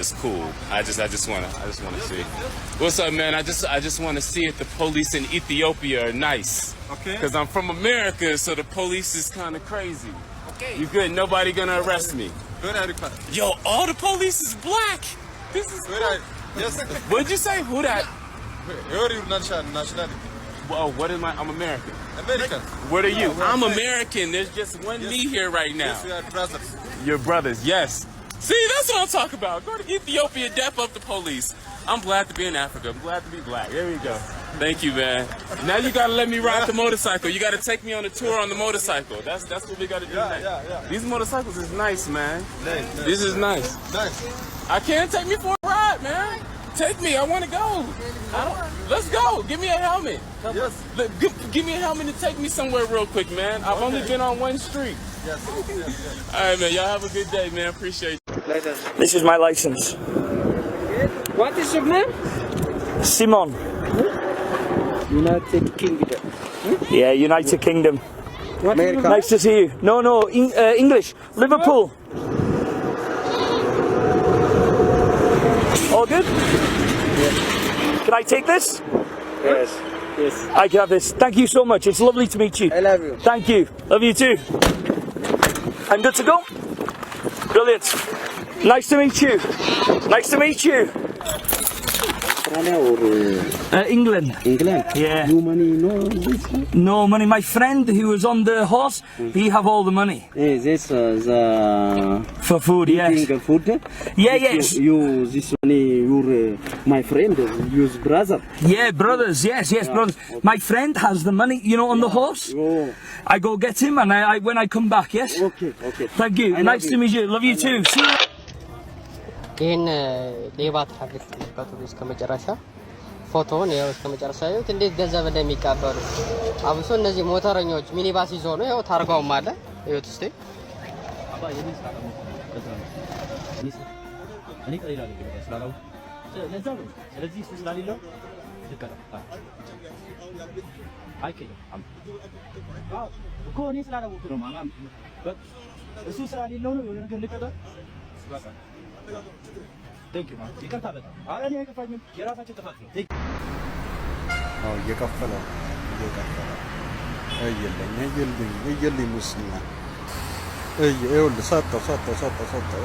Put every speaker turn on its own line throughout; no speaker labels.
is cool. I just I just wanna I just wanna see. What's up, man? I just I just wanna see if the police in Ethiopia are nice. Okay. Cause I'm from America, so the police is kind of crazy. Okay. You good? Nobody gonna arrest me.
Good request.
Yo, all the police is black. This is. Good cool. Yes. What'd you say? Who that?
Where your nationality?
Well, what am I? I'm American. American. What are you? No, I'm American. There's just one yes. me here right now.
Yes, we are brothers.
Your brothers, yes. See, that's what I'm talking about. Go to Ethiopia, def up the police. I'm glad to be in Africa. I'm glad to be black. There we go. Thank you, man. Now you gotta let me ride the motorcycle. You gotta take me on a tour on the motorcycle. That's that's what we gotta do. Yeah, next. yeah, yeah. These motorcycles is nice, man. Nice, nice, this is nice.
Nice.
I can't take me for a ride, man. Take me. I want to go. let's go. Give me a helmet. Yes. Give, give, me a helmet and take me somewhere real quick, man. I've okay. only been on one street. Yes. yes, yes. All right, man. Y'all have a good day, man. Appreciate you.
License.
This is my license.
What is your name? Simon. United Kingdom.
Hmm? Yeah, United Kingdom. What America. Nice to see you. No, no, in, uh, English. Liverpool. All good? Yeah. Can I take this?
Yes. Yes.
I can have this. Thank you so much. It's lovely to meet you. I love you. Thank you. Love you too. I'm good to go. Brilliant. Nice to meet you. Nice to meet you. Uh, uh, England? England. Yeah.
No money no?
No money. My friend who was on the horse, mm. he have all the money.
Uh, yeah, this uh, the for food. Yes. Food. Yeah, yes. You, you this money, your uh, my friend, your brother.
Yeah, brothers. Yes, yes, yeah. brothers. Okay. My friend has the money. You know, on yeah. the horse. Oh. I go get him, and I, I, when I come back, yes.
Okay, okay.
Thank you. I nice to you. meet you. Love you I too. Love See you.
ይህን ሌባ ታገኙበት እስከ መጨረሻ ፎቶውን ያው እስከ መጨረሻ ያዩት እንዴት ገንዘብ እንደሚቀበሉ አብሶ እነዚህ ሞተረኞች ሚኒባስ ይዞ ነው። ያው ታርጋውም አለ ይሁት እስቲ
እሱ ስራ ሌለው ነው የሆነ ነገር ልቀጠል ይቅርታ በጣም እየከፈለ
እየከፈለ እየለኝ እየልኝ እየልኝ ሙስና ይኸውልህ፣ ሰጠው ሰጠው ሰጠው ሰጠው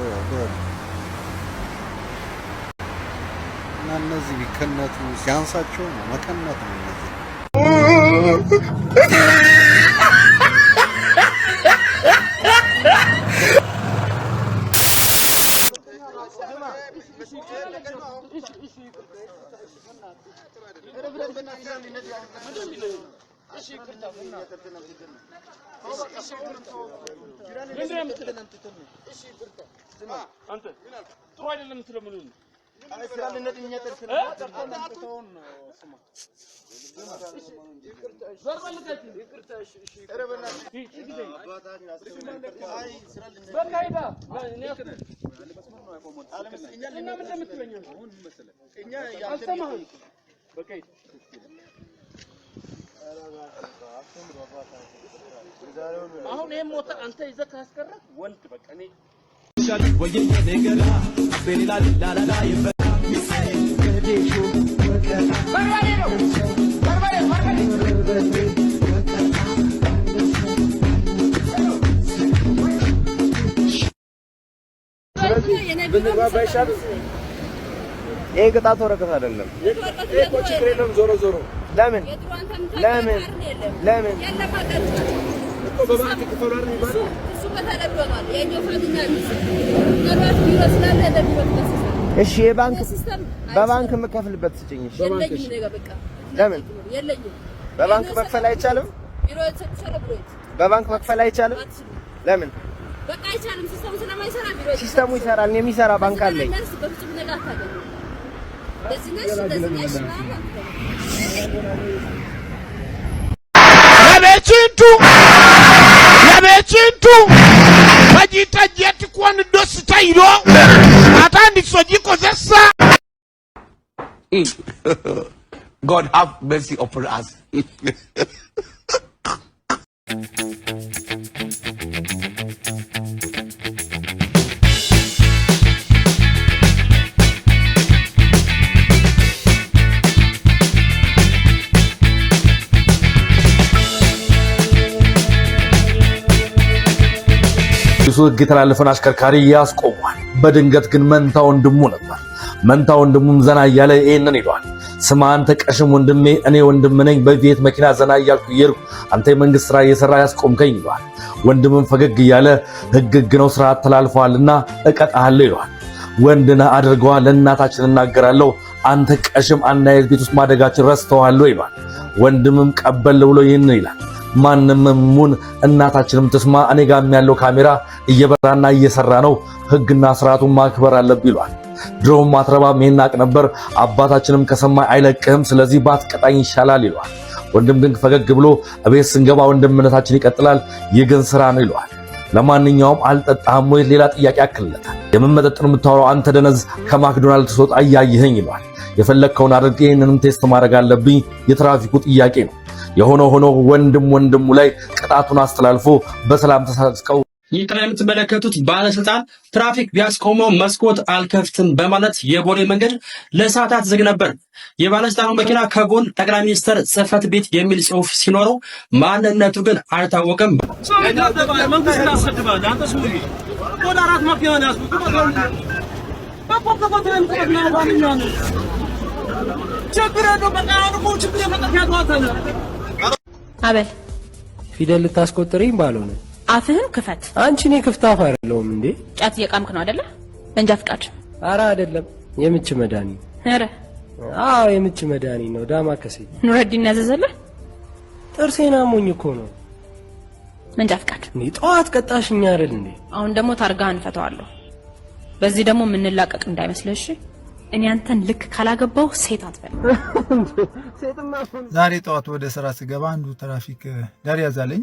እና እነዚህ ቢከነቱ ሲያንሳቸው ነው ነው እነዚህ ምንም ይለኝ እሺ ይቅርታ ቡና ምንድን የምትለው እሺ ይቅርታ አንተ ጥሩ አይደለም የምትለው ምን ነው ስላልነት የሚያጠር ስለማጠርተውን ስማ
እኛ አሁን ይሄን ሞተር አንተ ይዘህ ካስቀረት ወንድ በቃ እኔ ስለዚህ ብንግባባ ይሻላል። ይሄ ቅጣት ወረቀት አይደለም
እኮ ችግር የለም። ዞሮ ዞሮ
ለምን ለምን ለምን እሺ የባንክ በባንክ የምከፍልበት ስጭኝ። እሺ ለምን በባንክ መክፈል አይቻልም? በባንክ መክፈል አይቻልም? ለምን?
በቃ አይቻልም። ሲስተሙ ስለማይሰራ
ሲስተሙ ይሰራል። የሚሰራ ባንክ አለኝ።
yaba ekintu yaba ekintu
bagiyita jetikwaniddo sitayiro atandise ogikozesa God have mercy upon us.
በፖሊሱ ህግ የተላለፈን አሽከርካሪ ያስቆሟል። በድንገት ግን መንታ ወንድሙ ነበር። መንታ ወንድሙም ዘና እያለ ይህንን ይለዋል። ስማ አንተ ቀሽም ወንድሜ፣ እኔ ወንድም ነኝ። በቤት መኪና ዘና እያልኩ እየሄድኩ አንተ የመንግስት ስራ እየሰራ ያስቆምከኝ ይለዋል። ወንድምም ፈገግ እያለ ህግ ሕግ ነው፣ ስርዓት ተላልፈዋልና እቀጣሃለሁ ይለዋል። ወንድና አድርገዋ ለእናታችን እናገራለሁ። አንተ ቀሽም አናየት ቤት ውስጥ ማደጋችን ረስተዋለሁ ይለዋል። ወንድምም ቀበል ብሎ ይህንን ይላል። ማንም ሙን እናታችንም ትስማ፣ እኔ ጋም ያለው ካሜራ እየበራና እየሰራ ነው፣ ህግና ስርዓቱን ማክበር አለብህ ይሏል። ድሮም አትረባም ሜናቅ ነበር፣ አባታችንም ከሰማ አይለቅህም፣ ስለዚህ ባትቀጣኝ ይሻላል ይሏል። ወንድም ግን ፈገግ ብሎ እቤት ስንገባ ወንድምነታችን ይቀጥላል፣ ይህ ግን ስራ ነው ይለዋል። ለማንኛውም አልጠጣህም ወይ ሌላ ጥያቄ ያክልለታል። የምመጠጥን የምታወራው አንተ ደነዝ ከማክዶናልድ ስትወጣ እያየኸኝ ይሏል። የፈለግከውን አድርግ፣ ይህንንም ቴስት ማድረግ አለብኝ፣ የትራፊኩ ጥያቄ ነው። የሆነ ሆኖ ወንድም ወንድሙ ላይ ቅጣቱን አስተላልፎ በሰላም ተሳስቀው
ይህ ከላይ የምትመለከቱት ባለስልጣን ትራፊክ ቢያስቆመው መስኮት አልከፍትም በማለት የቦሌ መንገድ ለሰዓታት ዝግ ነበር። የባለስልጣኑ መኪና ከጎን ጠቅላይ ሚኒስትር ጽህፈት ቤት የሚል ጽሁፍ ሲኖረው ማንነቱ ግን አልታወቀም።
ችግር አበል
ፊደል ልታስቆጥሪኝ ባልሆነ
አፍህን ክፈት።
አንቺ እኔ ክፍታፍ አይደለሁም እንዴ?
ጫት እየቃምክ ነው አይደለ? መንጃ ፍቃድ?
አረ አይደለም፣ የምች መድኃኒ። አረ አዎ፣ የምች መድኃኒ ነው። ዳማ ከሴ
ኑረዲን ያዘዘልህ?
ጥርሴና ሞኝ እኮ ነው። መንጃ ፍቃድ? እኔ ጠዋት ቀጣሽኛ አይደል እንዴ?
አሁን ደግሞ ታርጋ እንፈተዋለሁ በዚህ ደግሞ የምንላቀቅ እንዳይመስልህ እሺ? እኔ አንተን ልክ ካላገባው ሴት አትፈልግ።
ዛሬ ጠዋት ወደ ስራ ስገባ አንዱ ትራፊክ ዳር ያዛለኝ።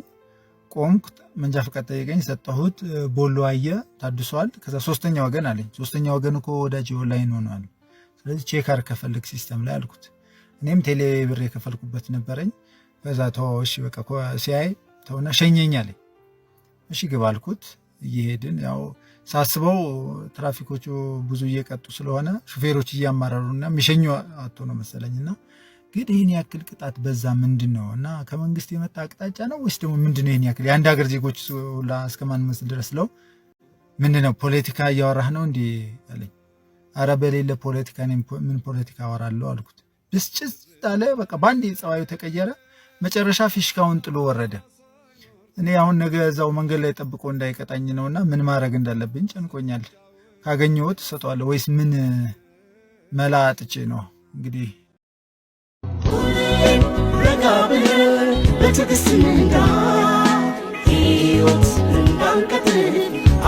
ቆምኩ። መንጃ ፈቃድ ጠየቀኝ፣ ሰጠሁት። ቦሎ አየ ታድሷል። ከዛ ሶስተኛ ወገን አለኝ። ሶስተኛ ወገን እኮ ወዳጅ ኦንላይን ሆኗል። ስለዚህ ቼካር ከፈልግ ሲስተም ላይ አልኩት። እኔም ቴሌ ብር የከፈልኩበት ነበረኝ። በዛ ተዋዎሽ በቃ ሲያይ ተውና ሸኘኝ አለኝ። እሺ ግባ አልኩት። እየሄድን ያው ሳስበው ትራፊኮቹ ብዙ እየቀጡ ስለሆነ ሹፌሮች እያማረሩ እና የሚሸኙ አቶ ነው መሰለኝ እና ግን ይህን ያክል ቅጣት በዛ ምንድን ነው እና ከመንግስት የመጣ አቅጣጫ ነው ወይስ ደግሞ ምንድን ነው? ይህን ያክል የአንድ ሀገር ዜጎች ሁላ እስከማን መስል ድረስ ለው ምንድን ነው ፖለቲካ እያወራህ ነው እንዲህ አለኝ። አረ በሌለ ፖለቲካ ምን ፖለቲካ አወራለሁ አልኩት። ብስጭት አለ። በቃ በአንድ የጸባዩ ተቀየረ። መጨረሻ ፊሽካውን ጥሎ ወረደ። እኔ አሁን ነገ እዛው መንገድ ላይ ጠብቆ እንዳይቀጣኝ ነውና ምን ማድረግ እንዳለብኝ ጨንቆኛል። ካገኘሁት እሰጠዋለሁ ወይስ ምን መላ አጥቼ ነው? እንግዲህ ረጋ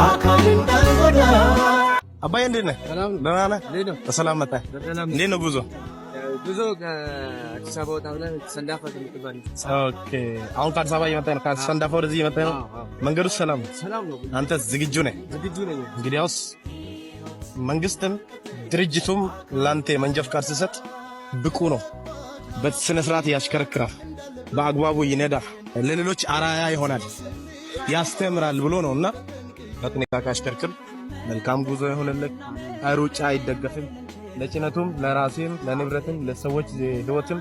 አካል አባዬ እንዴት ነህ? ደህና ነህ? በሰላም መጣህ? እንዴት ነው ጉዞ
ብዙ አዲስ አበባ ወጣ ብለን ሰንዳፋ ከምትባል
ኦኬ። አሁን ከአዲስ አበባ እየመጣ ነው፣ ከሰንዳፋ ወደዚህ እየመጣ ነው። መንገዱ ሰላም ነው። አንተ ዝግጁ ነህ? ዝግጁ ነኝ። እንግዲያውስ መንግስትም ድርጅቱም ለአንተ የመንጃ ፍቃድ ሲሰጥ ብቁ ነው፣ በስነ ስርዓት ያሽከረክራል፣ በአግባቡ ይነዳ፣ ለሌሎች አራያ ይሆናል፣ ያስተምራል ብሎ ነው እና በጥንቃቄ አሽከርክር። መልካም ጉዞ ይሆንልህ። ሩጫ አይደገፍም። ለጭነቱም፣ ለራሴም፣ ለንብረትም፣ ለሰዎች ህይወትም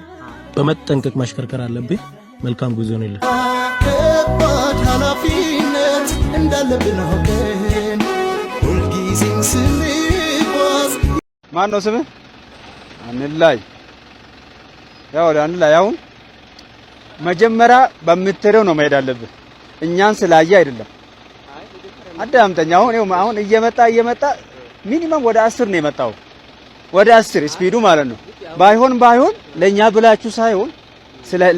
በመጠንቀቅ ማሽከርከር አለብህ። መልካም ጉዞ ነው። የለ ከባድ ኃላፊነት እንዳለብን
አውቀን ሁልጊዜም ስንጓዝ ማን ነው ስምህ? አንላይ ያው አንላይ አሁን መጀመሪያ በምትሄደው ነው መሄድ አለብህ። እኛን ስላየ አይደለም። አዳምጠኝ። አሁን አሁን እየመጣ እየመጣ ሚኒመም ወደ አስር ነው የመጣው ወደ አስር ስፒዱ ማለት ነው። ባይሆን ባይሆን ለእኛ ብላችሁ ሳይሆን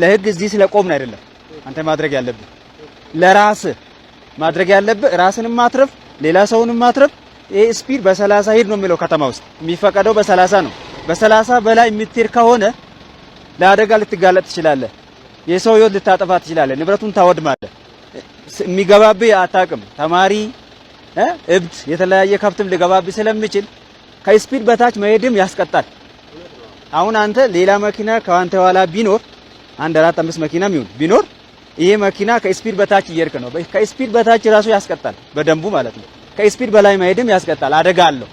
ለህግ እዚህ ስለቆምን አይደለም አንተ ማድረግ ያለብህ ለራስ ማድረግ ያለብህ ራስን ማትረፍ ሌላ ሰውን ማትረፍ። ይሄ ስፒድ በሰላሳ ሂድ ነው የሚለው ከተማ ውስጥ የሚፈቀደው በሰላሳ ነው። በሰላሳ በላይ የምትሄድ ከሆነ ለአደጋ ልትጋለጥ ትችላለህ። የሰው ህይወት ልታጠፋ ትችላለህ። ንብረቱን ታወድማለህ። የሚገባብህ አታውቅም። ተማሪ እብድ፣ የተለያየ ከብትም ሊገባብህ ስለሚችል ከስፒድ በታች መሄድም ያስቀጣል። አሁን አንተ ሌላ መኪና ከአንተ ኋላ ቢኖር አንድ አራት አምስት መኪና ይሁን ቢኖር ይሄ መኪና ከስፒድ በታች እየሄድክ ነው። ከስፒድ በታች ራሱ ያስቀጣል፣ በደንቡ ማለት ነው። ከስፒድ በላይ መሄድም ያስቀጣል፣ አደጋ አለው።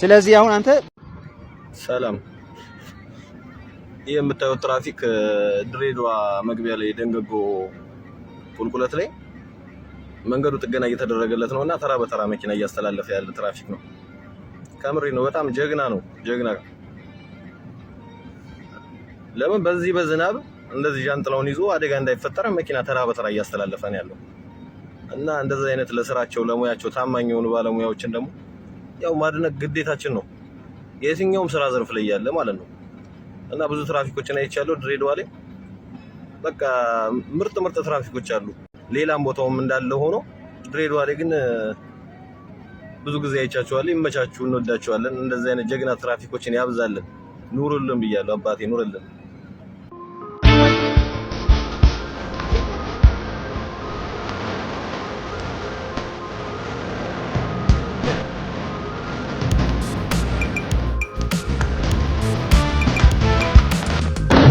ስለዚህ አሁን አንተ
ሰላም፣ ይህ የምታየው ትራፊክ ድሬዳዋ መግቢያ ላይ ደንገጎ ቁልቁለት ላይ መንገዱ ጥገና እየተደረገለት ነው እና ተራ በተራ መኪና እያስተላለፈ ያለ ትራፊክ ነው። ከምሬ ነው። በጣም ጀግና ነው፣ ጀግና ለምን በዚህ በዝናብ እንደዚህ ጃንጥላውን ይዞ አደጋ እንዳይፈጠረ መኪና ተራ በተራ እያስተላለፈ ነው ያለው እና እንደዚህ አይነት ለስራቸው ለሙያቸው ታማኝ የሆኑ ባለሙያዎችን ደግሞ ያው ማድነቅ ግዴታችን ነው፣ የትኛውም ስራ ዘርፍ ላይ ያለ ማለት ነው። እና ብዙ ትራፊኮችን አይቻለሁ ድሬዳዋ ላይ በቃ ምርጥ ምርጥ ትራፊኮች አሉ። ሌላም ቦታውም እንዳለ ሆኖ ድሬዳዋ ላይ ግን ብዙ ጊዜ አይቻችኋለሁ። ይመቻችሁ፣ እንወዳችኋለን። እንደዚህ አይነት ጀግና ትራፊኮችን ያብዛልን፣ ኑሩልን ብያለሁ። አባቴ ኑርልን።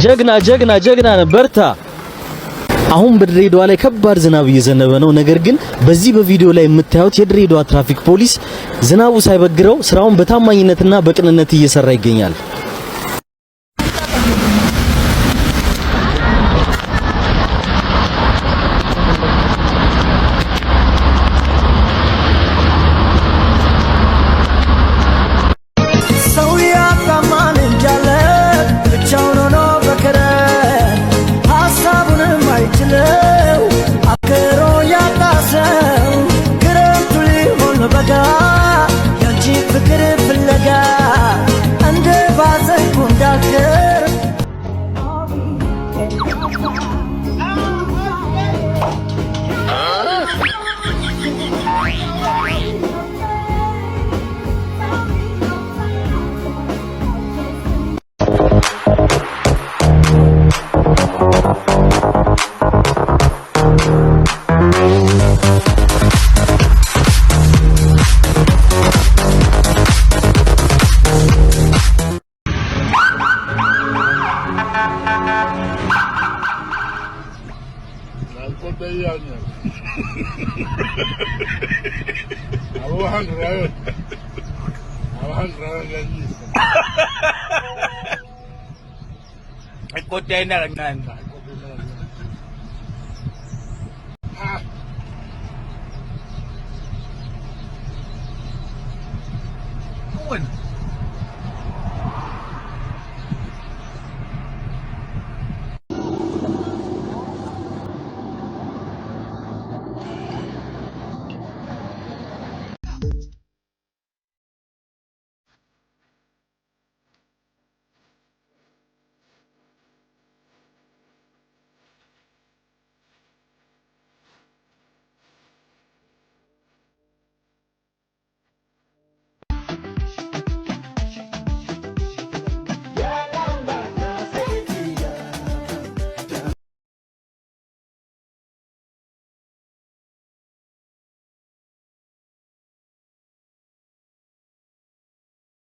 ጀግና ጀግና ጀግና ነበርታ አሁን በድሬዳዋ ላይ ከባድ ዝናብ እየዘነበ ነው። ነገር ግን በዚህ በቪዲዮ ላይ የምታዩት የድሬዳዋ ትራፊክ ፖሊስ ዝናቡ ሳይበግረው ስራውን በታማኝነትና በቅንነት እየሰራ ይገኛል። tenda